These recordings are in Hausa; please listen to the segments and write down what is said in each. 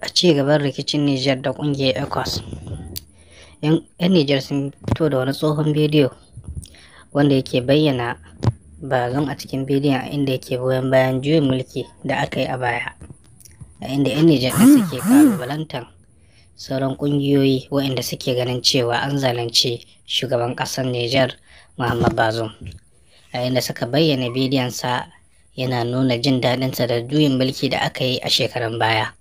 a ci gaban rikicin Nijar da ƙungiyar ECOWAS. 'Yan Nijar sun fito da wani tsohon bidiyo wanda yake bayyana bazon a cikin bidiyon inda yake goyon bayan juyin mulki da aka yi a baya. A inda 'yan Nijar ɗin suke kalubalantar sauran ƙungiyoyi waɗanda suke ganin cewa an zalunci shugaban ƙasar Nijar Muhammad Bazoum. A inda suka bayyana bidiyonsa yana nuna jin daɗinsa da juyin mulki da aka yi a shekarun baya.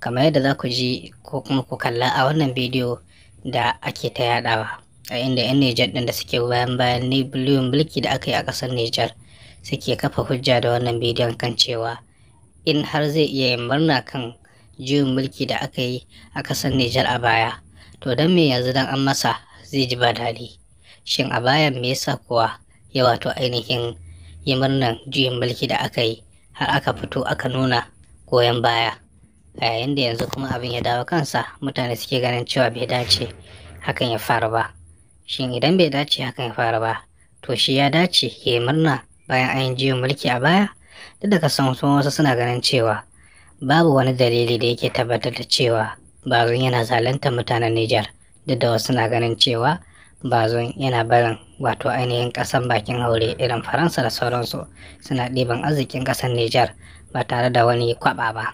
kamar yadda za ku ji ko kuma ku kalla a wannan bidiyo da ake ta yadawa a inda 'yan Nijar ɗin da suke bayan bayan ne biliyon mulki da aka yi a ƙasar Nijar suke kafa hujja da wannan bidiyon kan cewa in har zai iya yin murna kan juyin mulki da aka yi a ƙasar Nijar a baya to don me yanzu dan an masa zai ji ba daɗi shin a bayan me yasa kuwa ya wato ainihin yi murnan juyin mulki da aka yi har aka fito aka nuna goyon baya a yayin da yanzu kuma abin ya dawo kansa mutane suke ganin cewa bai dace hakan ya faru ba shin idan bai dace hakan ya faru ba to shi ya dace ya murna bayan an yi mulki a baya duk da kasan wasu suna ganin cewa babu wani dalili da yake tabbatar da cewa bazon yana zalunta mutanen Nijar duk da wasu suna ganin cewa bazon yana barin wato ainihin kasan bakin haure irin Faransa da sauransu suna ɗiban arzikin ƙasar Nijar ba tare da wani kwaɓa ba.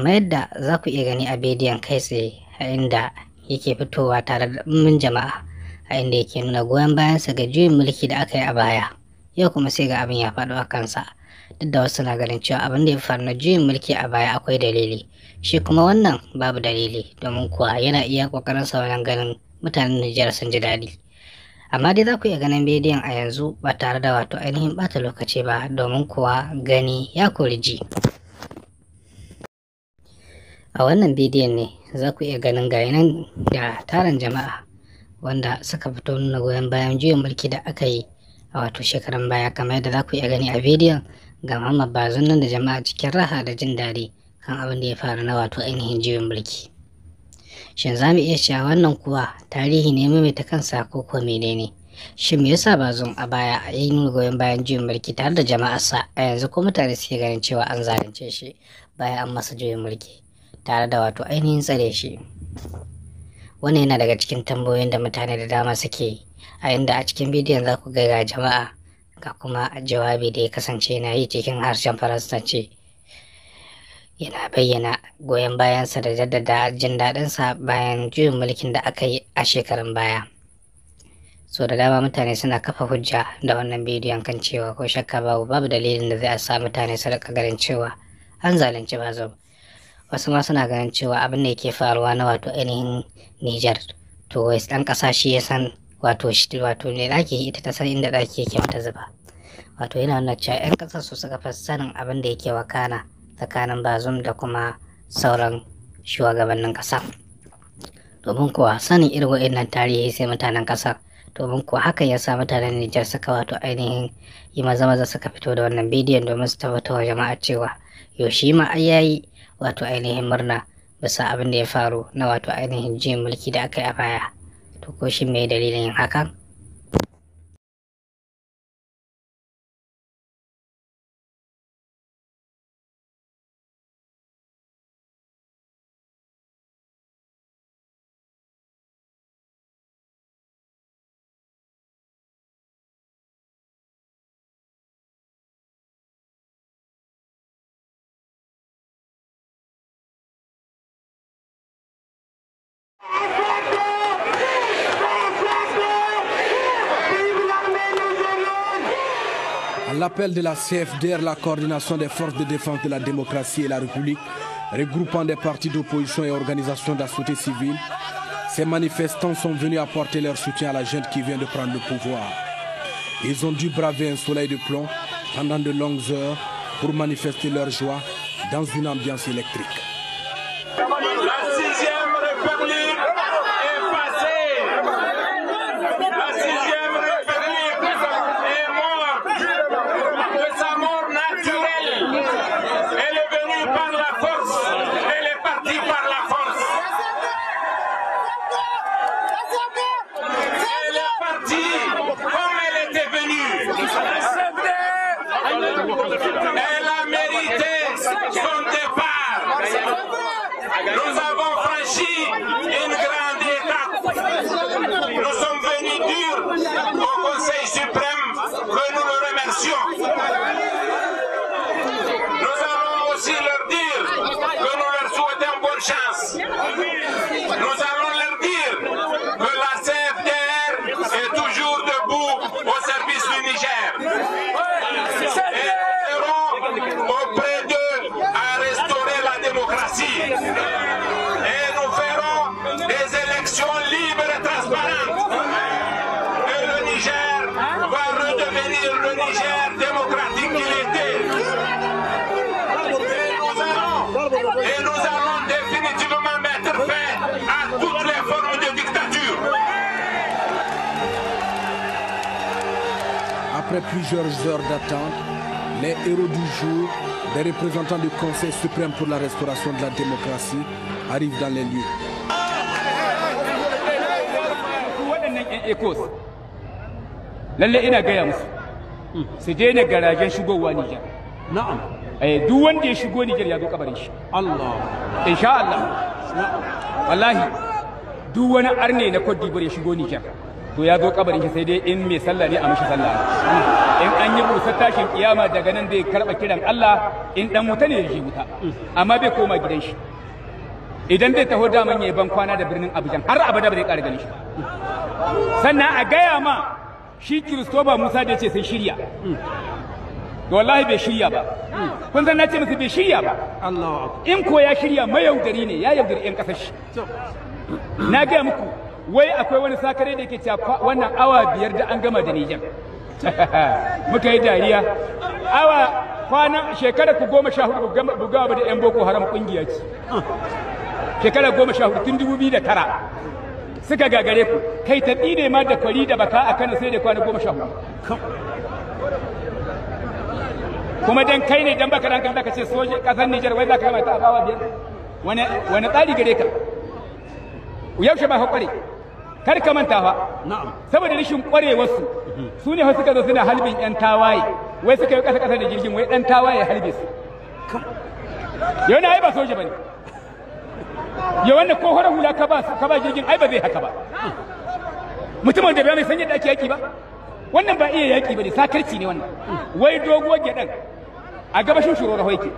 kamar yadda za ku iya gani a bidiyon kai tsaye a inda yake fitowa tare da ɗumin jama'a a inda yake nuna goyon bayansa ga juyin mulki da aka yi a baya yau kuma sai ga abin ya faɗo a kansa duk da wasu na ganin cewa abin da ya faru na juyin mulki a baya akwai dalili shi kuma wannan babu dalili domin kuwa yana iya kokarin sauran ganin mutanen Nijar sun ji daɗi amma dai za ku iya ganin bidiyon a yanzu ba tare da wato ainihin ɓata lokaci ba domin kuwa gani ya kori ji. a wannan bidiyon ne za ku iya ganin gayi da taron jama'a wanda suka fito nuna goyon bayan juyin mulki da aka yi a wato shekaran baya kamar yadda za ku iya gani a bidiyon ga Muhammad bazin nan da jama'a cikin raha da jin daɗi kan abin da ya faru na wato ainihin juyin mulki. Shin za mu iya cewa wannan kuwa tarihi ne mai ta kansa ko ko menene? Shin me yasa bazin a baya ya yi nuna goyon bayan juyin mulki tare da jama'arsa a yanzu ko mutane suke ganin cewa an zalunce shi bayan an masa juyin mulki? tare da wato ainihin tsare shi wannan yana daga cikin tambayoyin da mutane da dama suke a inda a cikin bidiyon za ku ga jama'a ga kuma jawabi da ya kasance na yi cikin harshen faransanci yana bayyana goyon bayansa da jaddada jin daɗinsa bayan juyin mulkin da aka yi a shekarun baya so da dama mutane suna kafa hujja da wannan bidiyon kan cewa ko shakka babu babu dalilin da zai a sa mutane su rika ganin cewa an zalunci bazum wasu ma suna ganin cewa abin da yake faruwa na wato ainihin Nijar to wai dan ƙasa shi ya san wato shi wato ne ɗaki ita ta san inda zaki yake mata zuba wato yana nuna cewa 'yan ƙasar su suka fi sanin abin da yake wakana tsakanin bazum da kuma sauran shugabannin ƙasa domin kuwa sanin irin wa'annan tarihi sai mutanen ƙasar domin kuwa hakan ya sa mutanen Nijar suka wato ainihin yi maza maza suka fito da wannan bidiyon domin su tabbatar wa jama'a cewa yaushe ma ai yayi wato ainihin murna bisa abin da ya faru na wato ainihin jin mulki da aka yi a baya to ko shi mai dalilin hakan l'appel de la CFDR, la coordination des forces de défense de la démocratie et la République, regroupant des partis d'opposition et organisations de la société civile, ces manifestants sont venus apporter leur soutien à la jeune qui vient de prendre le pouvoir. Ils ont dû braver un soleil de plomb pendant de longues heures pour manifester leur joie dans une ambiance électrique. Elle a mérité son départ. Nous avons franchi une grande Après plusieurs heures d'attente, les héros du jour, des représentants du Conseil suprême pour la restauration de la démocratie, arrivent dans les lieux. to ya zo kabarin sai dai in mai sallah ne a mashi sallah in an yi busar tashin kiyama daga nan zai karba kiran Allah in dan wuta ne shi wuta amma bai koma gidan shi idan zai taho daman ya ban kwana da birnin Abuja har abada bai kare gani shi sannan a gaya ma shi Kristoba Musa da ce sai shirya wallahi bai shirya ba kun san na ce musu bai shirya ba in ko ya shirya mayaudari ne ya yaudari yan kasar na gaya muku wai akwai wani sakare da yake cewa wannan awa biyar da an gama da Nijar muka yi dariya awa kwana shekara ku goma sha hudu bugawa ba da yan boko haram kungiya ce shekara goma sha hudu tun dubu biyu da tara suka gagare ku kai ta ne ma da kwari da baka a kano sai da kwana goma sha hudu kuma dan kai ne dan baka dan kan ka ce soje kasar Nijar wai ka gama a bawa biyar wani wani tsari gare ka yaushe ba hakuri kar ka manta fa saboda rashin kwarewarsu su ne suka zo suna halbin yan tawaye wai suka yi kasa kasa da jirgin wai dan tawaye halbe su yau na ai ba soja bane ya wannan ko horo hula ka ba ka ba jirgin ai ba zai haka ba mutumin da bai mai sanya da ake yaki ba wannan ba iya yaki bane sakarci ne wannan wai doguwar gyaɗan a gabashin shiro rahoike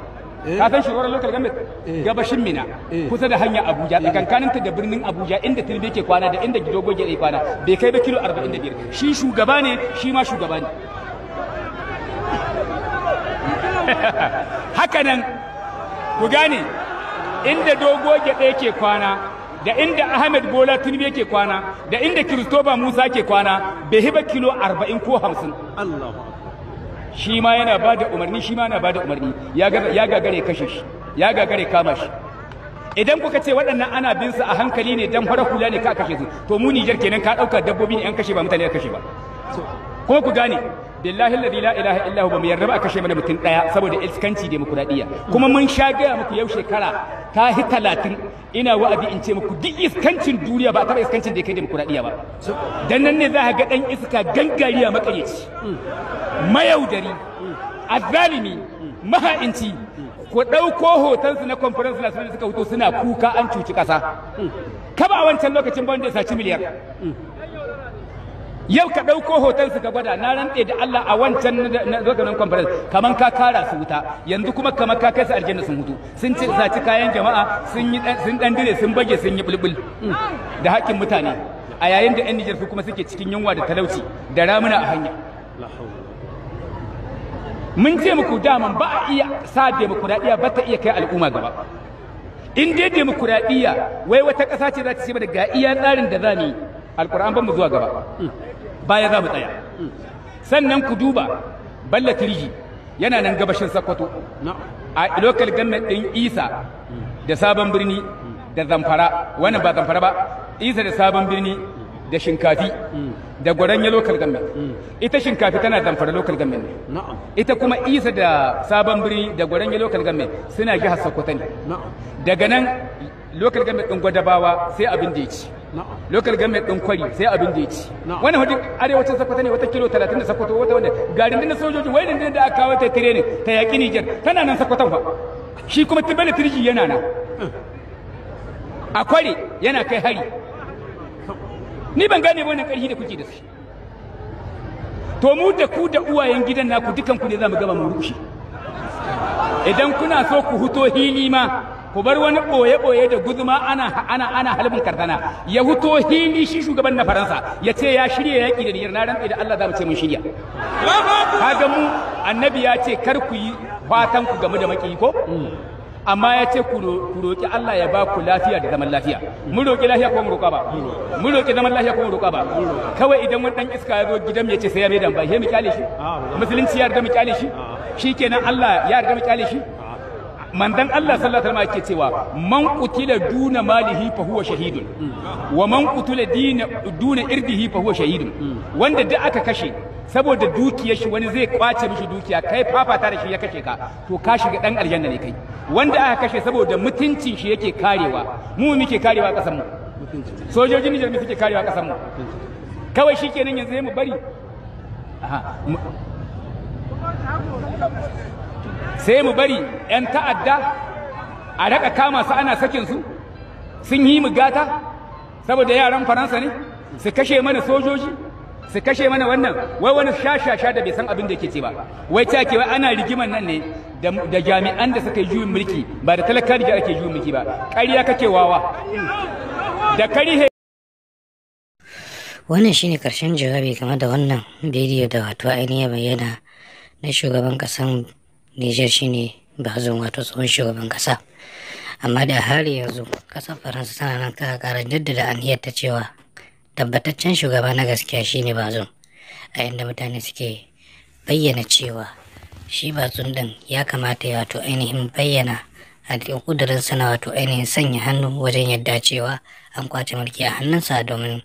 Eh. ka san shirwar local government eh. gabashin mina eh. kusa da hanya abuja ta da birnin abuja inda tilbe ke kwana da inda gidogo ke kwana bai kai ba kilo 45 shi shugaba ne shi ma shugaba ne haka nan ku gane inda dogo gyaɗe ke kwana da inda ahmed bola tinubu ke kwana da inda kiristoba musa ke kwana bai hiba kilo arba'in ko hamsin shi ma yana ba da umarni shi ma yana ba da umarni ya gagare kashe shi ya gagare kama shi idan kuka ce waɗannan ana bin su a hankali ne dan fara hula ne ka kashe su to mu Niger kenan ka ɗauka dabbobi ne an kashe ba mutane ya kashe ba ko ku gane billahi alladhi la ilaha illa huwa mu yarda ba kashe mana mutum daya saboda iskanci demokradiyya kuma mun sha gaya muku yau shekara ta hi 30 ina wa'adi in ce muku duk iskancin duniya ba a taɓa iskancin da ya kai demokradiyya ba dan nan ne za ka ga dan iska gangariya makaryaci mayaudari azzalimi maha'inci ku ɗauko hotonsu na conference national suka fito suna kuka an cuci ƙasa kaba a wancan lokacin ban da saci miliyar yau ka ɗauko hoton su ka gwada na rantse da Allah a wancan na zaganin conference kaman ka kara su wuta yanzu kuma kaman ka kai su aljanna sun hutu sun ci saci kayan jama'a sun yi sun dan dire sun bage sun yi bulbul da haƙƙin mutane a yayin da 'yan Nijar su kuma suke cikin yunwa da talauci da ramuna a hanya mun ce muku daman ba a iya sa demokuraɗiyya ba ta iya kai al'umma gaba in dai demokuraɗiyya wai wata ƙasa ce za ta ce ba ga iya tsarin da za ni alƙur'an ban mu zuwa gaba baya za mu tsaya sannan ku duba balla tirji yana nan gabashin sakkwato a local government ɗin isa da sabon birni da zamfara wannan ba zamfara ba isa da sabon birni da shinkafi da gwaranya local government mm. ita shinkafi tana damfara local government ne ita kuma isa da sabon biri da gwaranya local government suna jihar sokoto ne daga nan local government din gwadabawa sai abin da ya ci local government din kwari sai abin da ya ci wani hudu arewacin sokoto ne wata kilo 30 da sokoto wata wanda garin dinar sojoji wai dinar da aka kawo ta training ta yaƙi niger tana nan sokoton fa shi kuma tibele tirji yana nan eh. a kwari yana kai hari ni ban gane wannan ƙarfi da kuke da shi to mu da ku da uwayen gidan naku dukan ku ne za mu gama mu rufe idan kuna so ku huto hili ma ku bar wani ɓoye-ɓoye da guzuma ana ana ana halbin kardana ya huto hili shi shugaban na faransa ya ce ya shirya yaƙi da niyyar na rantsi da allah za mu ce mun shirya kaga mu annabi ya ce kar ku yi fatan ku game da maki ko amma ya ce ku roƙi Allah ya ba ku lafiya da zaman lafiya mun roƙi lafiya ko mun roƙa ba mun roƙi zaman lafiya ko mun roƙa ba kawai idan wani dan iska ya zo gidan ya ce sai ya mai dan ba he mu kyale shi musulunci ya yarda mu kyale shi shikenan Allah ya yarda mu kyale shi mandan Allah sallallahu alaihi wasallam yake cewa man qutila duna malihi fa huwa shahidun wa man qutila dina duna irdihi fa huwa shahidun wanda duk aka kashe saboda dukiyar shi wani zai kwace mishi dukiya kai fafata da shi ya kashe ka to ka shiga dan aljanna ne kai wanda aka kashe saboda mutuncin shi yake karewa mu muke karewa a mu sojojin Nijar mu suke karewa a mu kawai shi kenan yanzu mu bari sai mu bari 'yan ta'adda a raka kama su ana sakin su sun yi mu gata saboda yaran faransa ne su kashe mana sojoji su kashe mana wannan wai wani shashasha da bai san abin da yake ce ba wai ta ke wai ana rigiman nan ne da jami'an da suka yi juyin mulki ba da talaka da ake juyin mulki ba ƙarya kake wawa da karihe wannan shine karshen jawabi game da wannan bidiyo da wato ainihin bayyana na shugaban kasan Nijar shine bazon wato tsohon shugaban kasa amma da hali yanzu kasar faransa tana nan ta kara jaddada aniyar ta cewa tabbataccen shugaba na gaskiya shi shine bazun. a inda mutane suke bayyana cewa shi bazum din ya kamata ya wato ainihin bayyana a cikin kudurin na wato ainihin sanya hannu wajen yadda cewa an kwace mulki a hannunsa domin